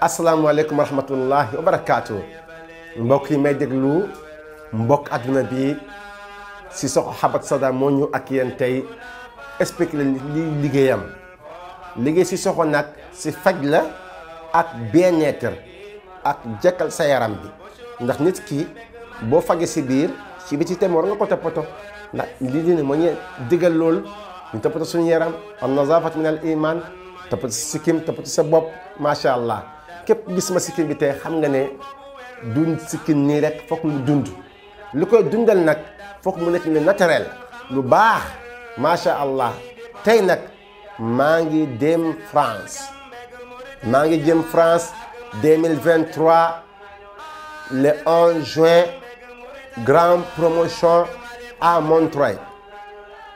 asalaamaaleykum wa rahmatullahi wa barakaatu mbokk yi may déglu mbokk àdduna bi si soxo xabat sada moo ñu ak yéen tey expliqué li liggéeyam liggéey si soxo nag si faj la ak bien-être ak jekkal sa yaram bi ndax nit ki boo faje si biir si bi ci tem war nga ko toppatoo ndax li dina moo ñu digal lool ñu toppatoo suñu yaram an nazafat min al iman toppatoo sa sikkim toppatoo sa bopp macha allah képp gis ma bi tey xam nga ne duñ sikkim nii rek foog mu dund lu koy dundal nag foog mu nekk lu naturel lu baax macha allah tey nag maa ngi dem France maa ngi jëm France 2023 le 11 juin grande promotion à Montreuil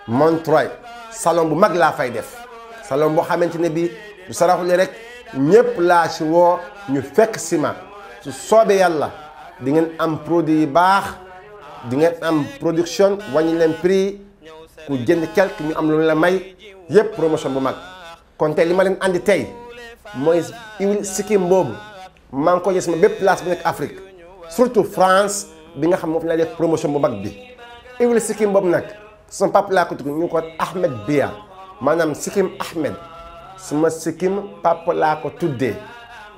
Montreuil salon bu mag laa fay def salon boo xamante ne bi du saraxu li rek ñëpp laa ci woo ñu fekk si ma su soobee yàlla di ngeen am produit yi baax di ngeen am production wàññi leen prix ku jënd quelque ñu am lu la may yëpp promotion bu mag kon tey li ma leen andi tey mooy huile sikkim boobu maa ngi ko gis ma bépp place bu nekk Afrique surtout France bi nga xam moom laa def promotion bu mag bi huile sikkim boobu nag sama papa laa ko tudd ñu ko Ahmed Biya maanaam Sikkim Ahmed suma Sikkim papa laa ko tuddee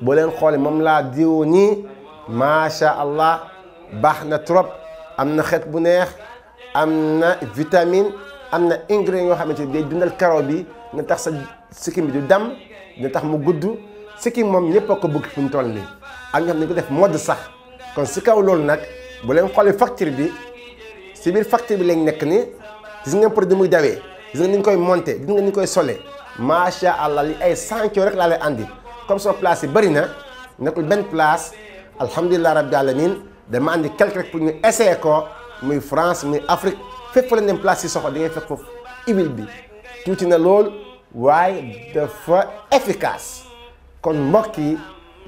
boo leen xoolee moom laa diwoo nii macha allah baax na trop am na xet bu neex am na vitamine am na ingrédients yoo xamante ni day dundal karaw bi na tax sa sikkim bi du dam na tax mu gudd sikkim moom ñëpp a ko bëgg fi mu toll nii ak nga xam ko def mode sax kon si kaw loolu nag bu leen xoolee facture bi si biir facture bi lañ nekk nii. gis nga produit muy dawee gis nga ni ñu koy monté gis nga ni ñu koy solee macha allah li ay cent rek laa lay andi comme sama place yi bëri na na nekkul benn place alhamdulilah rabbi alamin dama andi quelque rek pour ñu essayer ko muy France muy Afrique fépp fa la dem place yi soxla di ngay fekk foofu huile bi tuuti na lool waaye dafa efficace kon mbokk yi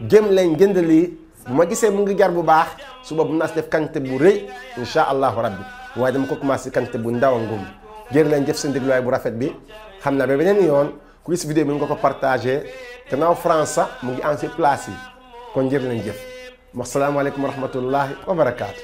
jëm leen jënd lii bu ma gisee mu ngi jar bu baax suba bu naas def quantité bu rëy incha allahu rabbi waaye dama ko commencé quantité bu ndaw a ngóob jërë leen jëf seen dégluwaay bu rafet bi xam naa ba beneen yoon ku gis vidéo bi nga ko partagé te naaw France sax mu ngi en place yi kon jërë leen jëf wax salaamualeykum wa rahmatullahi wa barakaatu.